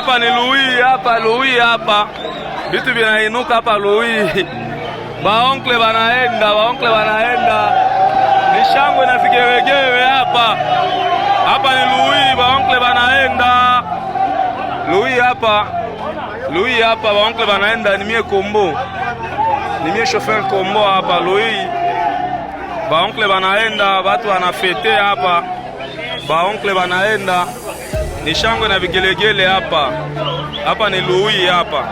hapa ni Luii, hapa Luii, hapa vitu vinainuka hapa Luii. Baonkle wanaenda, baonkle wanaenda, ni shangwe na vigewegewe hapa hapa. Ni Luii, baonkle wanaenda Luii hapa, Luii hapa, baonkle wanaenda. Ni mie Kombo, ni mie shofer Kombo hapa Luii. Baonkle wanaenda, watu wanafete hapa, baonkle wanaenda ni shangwe na vigelegele hapa. Hapa ni Luwi hapa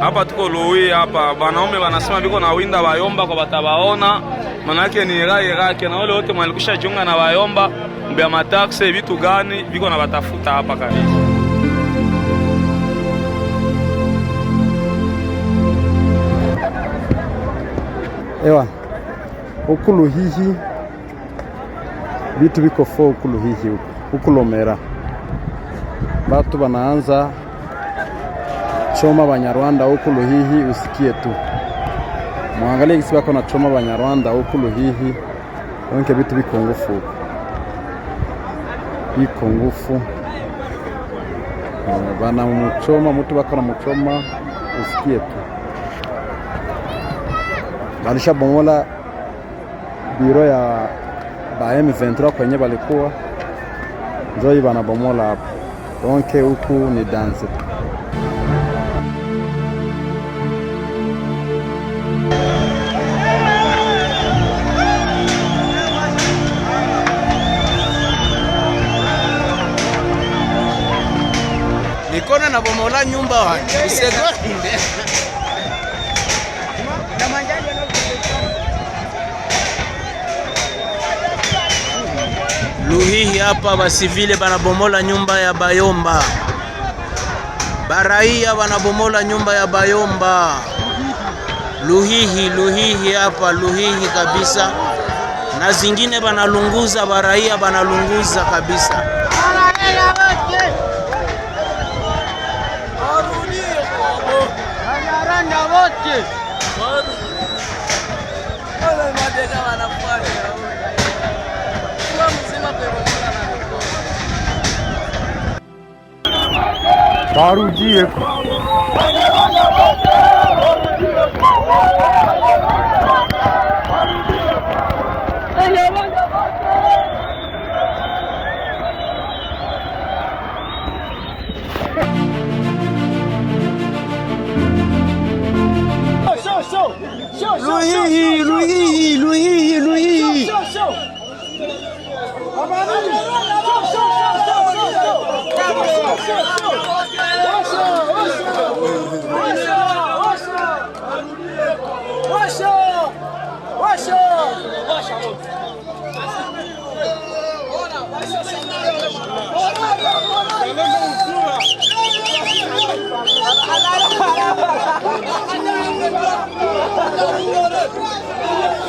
hapa tuko Luwi hapa, wanaume wanasema biko na winda wayomba kwa batabaona, manake ni rai rake na wale wote mwalikusha junga na wayomba mbya matakse vitu gani viko na batafuta hapa kabisa. Ewa ukuluhihi vitu viko fo ukuluhihi huko ukulomera batu banaanza choma Banyarwanda huku Luhihi. Usikie tu mwangalie kisi bako na choma Banyarwanda huku Luhihi, onke bitu biko ngufu, biko ngufu bana muchoma mutu bako na muchoma. Usikie tu balisha bomola biro ya ba M23 kwenye balikuwa Nzoi banabomola hapo donke, huku ni danse. Nikona nabomola nyumba wake Luhihi hapa basivile banabomola nyumba ya Bayomba, baraia banabomola nyumba ya Bayomba Luhihi, Luhihi hapa Luhihi kabisa, na zingine banalunguza, baraia banalunguza kabisa. Barudieco. Luí, Luí, Luí, Luí.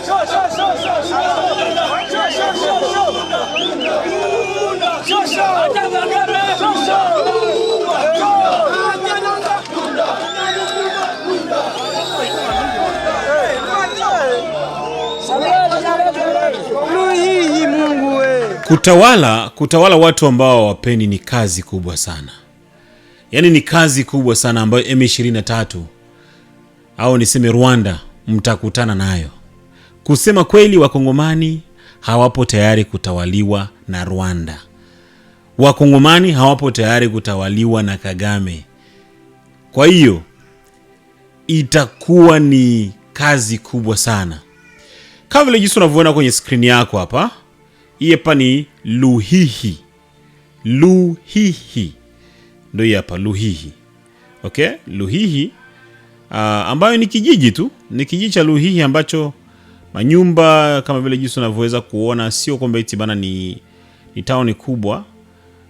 Şaş şaş şaş şaş. Kutawala, kutawala watu ambao wapeni ni kazi kubwa sana, yaani ni kazi kubwa sana ambayo M23 au niseme Rwanda mtakutana nayo. Kusema kweli, wakongomani hawapo tayari kutawaliwa na Rwanda. Wakongomani hawapo tayari kutawaliwa na Kagame. Kwa hiyo itakuwa ni kazi kubwa sana, kama vile jinsi unavyoona kwenye skrini yako hapa. Iyi pa ni Luhihi, Luhihi ndo hii hapa Luhihi, ok Luhihi uh, ambayo ni kijiji tu, ni kijiji cha Luhihi ambacho manyumba kama vile jinsi unavyoweza kuona, sio kwamba eti bana ni, ni tauni kubwa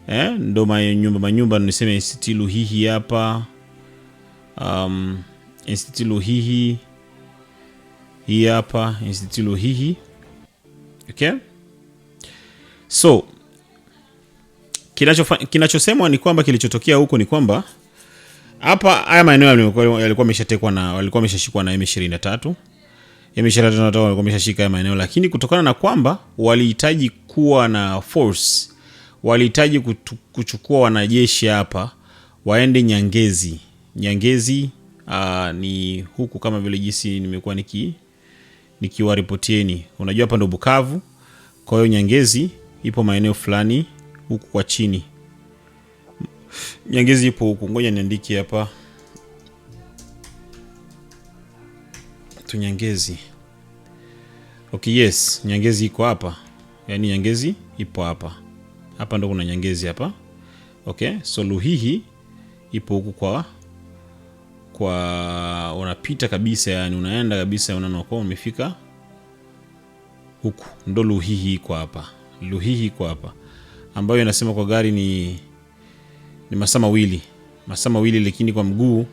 eh? Ndo manyumba manyumba, niseme Institute Luhihi hapa, um, Institute Luhihi hii hapa Institute Luhihi okay? So kinachosemwa ni kwamba kilichotokea huko ni kwamba hapa haya maeneo yalikuwa yameshatekwa na walikuwa wameshashikwa na M23. M23 walikuwa wameshashika haya maeneo, lakini kutokana na kwamba walihitaji kuwa na force, walihitaji kuchukua wanajeshi hapa waende Nyangezi. Nyangezi aa, ah, ni huku kama vile jinsi nimekuwa niki nikiwaripotieni. Unajua hapa ndo Bukavu, kwa hiyo Nyangezi ipo maeneo fulani huku kwa chini. Nyangezi ipo huku, ngoja niandike hapa tunyangezi Nyangezi. Okay, yes, Nyangezi iko hapa, yaani Nyangezi ipo hapa hapa, ndo kuna Nyangezi hapa. Okay, so Luhihi ipo huku kwa kwa unapita kabisa, yani unaenda kabisa, unaona umefika huku, ndo Luhihi iko hapa. Luhihi kwa hapa, ambayo inasema kwa gari ni, ni masaa mawili masaa mawili, lakini kwa mguu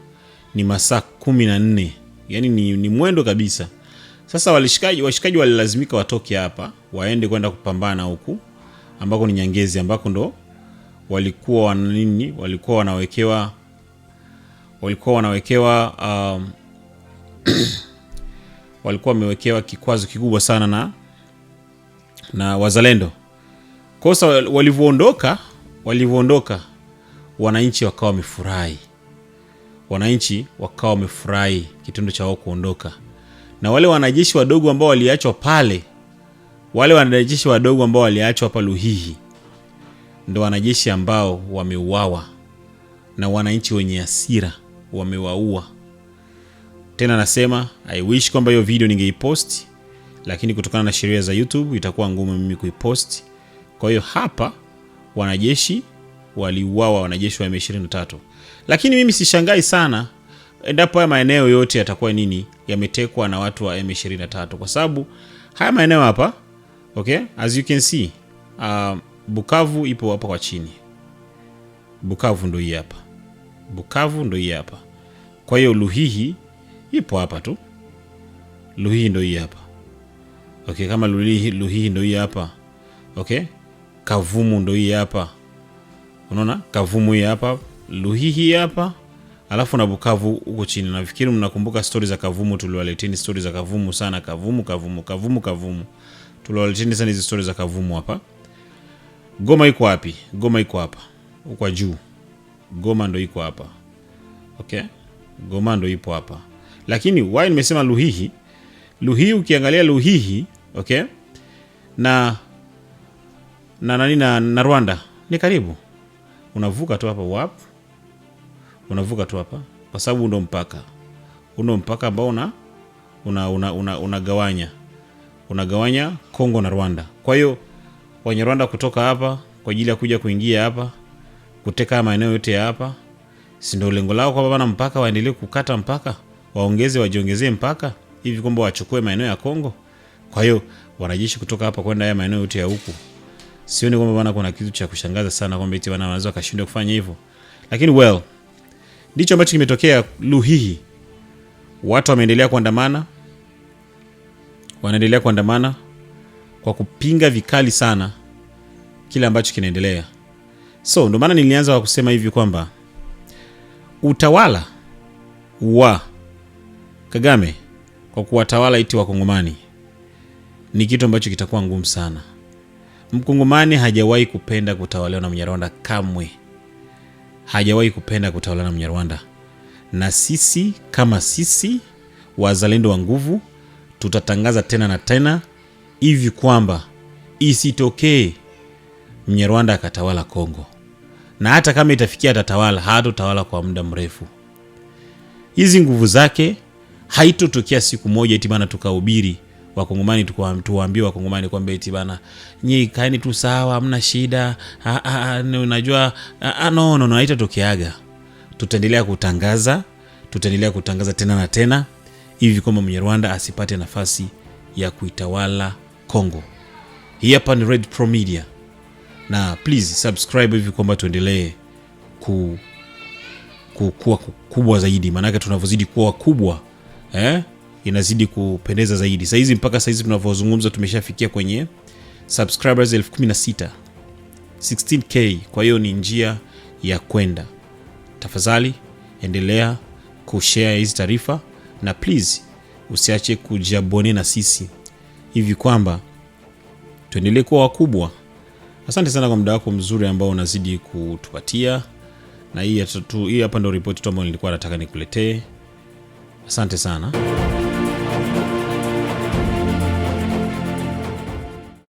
ni masaa kumi na nne yani ni, ni mwendo kabisa. Sasa walishikaji, washikaji walilazimika watoke hapa waende kwenda kupambana huku ambako ni Nyangezi, ambako ndo walikuwa wana nini, walikuwa wanawekewa walikuwa wanawekewa um, walikuwa wamewekewa kikwazo kikubwa sana na na wazalendo. Kosa walivyoondoka, walivyoondoka wananchi wakawa wamefurahi, wananchi wakawa wamefurahi kitendo cha wao kuondoka, na wale wanajeshi wadogo ambao waliachwa pale, wale wanajeshi wadogo ambao waliachwa hapa Luhihi ndo wanajeshi ambao wameuawa na wananchi wenye asira wamewaua. Tena nasema I wish kwamba hiyo video ningeiposti lakini kutokana na sheria za YouTube itakuwa ngumu mimi kuipost. Kwa hiyo hapa wanajeshi waliuawa, wanajeshi wa M23, lakini mimi sishangai sana endapo haya maeneo yote yatakuwa nini, yametekwa na watu wa M23, kwa sababu haya maeneo hapa, okay, as you can see uh, Bukavu ipo hapa kwa chini. Bukavu ndo hii hapa, Bukavu ndo hii hapa. Kwa hiyo Luhihi ipo hapa tu, Luhihi ndo hii hapa okay, kama Luhihi, Luhihi ndo hii hapa okay. Kavumu ndo hii hapa unaona, Kavumu hii hapa, Luhihi hapa, alafu na Bukavu huko chini. Nafikiri mnakumbuka stori za Kavumu, tuliwaleteni stori za Kavumu sana, Kavumu Kavumu Kavumu Kavumu, tuliwaleteni sana hizi stori za Kavumu hapa. Goma iko wapi? Goma iko hapa kwa juu, Goma ndo iko hapa okay. Goma ndo ipo hapa, lakini why nimesema Luhihi Luhihi, ukiangalia Luhihi okay na na nani na, na Rwanda ni karibu, unavuka tu hapa wap, unavuka tu hapa kwa sababu ndo mpaka uno mpaka ambao una unagawanya una, una unagawanya Kongo na Rwanda. Kwa hiyo rwanda kutoka hapa kwa ajili ya kuja kuingia hapa kuteka maeneo yote ya hapa, si ndio lengo lao? Kwa bana mpaka waendelee kukata mpaka, waongeze wajiongezee mpaka hivi kwamba wachukue maeneo ya Kongo. Kwa hiyo wanajeshi kutoka hapa kwenda haya maeneo yote ya huku, sioni kwamba bana kuna kitu cha kushangaza sana kwamba eti wanaweza wakashindwa kufanya hivyo, lakini well, ndicho ambacho kimetokea Luhihi. Watu wameendelea kuandamana, wanaendelea kuandamana kwa kupinga vikali sana kile ambacho kinaendelea. So ndio maana nilianza kwa kusema hivi kwamba utawala wa Kagame kwa kuwatawala iti Wakongomani ni kitu ambacho kitakuwa ngumu sana. mkungumani hajawahi kupenda kutawaliwa na Mnyarwanda kamwe, hajawahi kupenda kutawaliwa na Mnyarwanda. Na sisi kama sisi wazalendo wa nguvu tutatangaza tena na tena hivi kwamba isitokee Mnyarwanda akatawala Kongo, na hata kama itafikia atatawala, hatotawala kwa muda mrefu. Hizi nguvu zake haitotokea siku moja eti maana tukahubiri Wakongomani tuwaambie Wakongomani kwamba eti bana, nyi kaeni tu sawa, hamna shida. Unajua no, no, haitatokeaga. Tutaendelea kutangaza, tutaendelea kutangaza tena na tena hivi kwamba mwenye rwanda asipate nafasi ya kuitawala congo Hii hapa ni Red Pro Media na please subscribe hivi kwamba tuendelee ku kuwa kubwa zaidi, maanake tunavyozidi kuwa wakubwa eh? inazidi kupendeza zaidi. sahizi hizi mpaka sahizi hizi tunavyozungumza tumeshafikia kwenye subscribers 16k. Kwa hiyo ni njia ya kwenda. Tafadhali endelea kushare hizi taarifa na please usiache kujabone na sisi hivi kwamba tuendelee kuwa wakubwa. Asante sana kwa muda wako mzuri ambao unazidi kutupatia, na hii hapa ndo ripoti tu ambayo nilikuwa nataka nikuletee. Asante sana.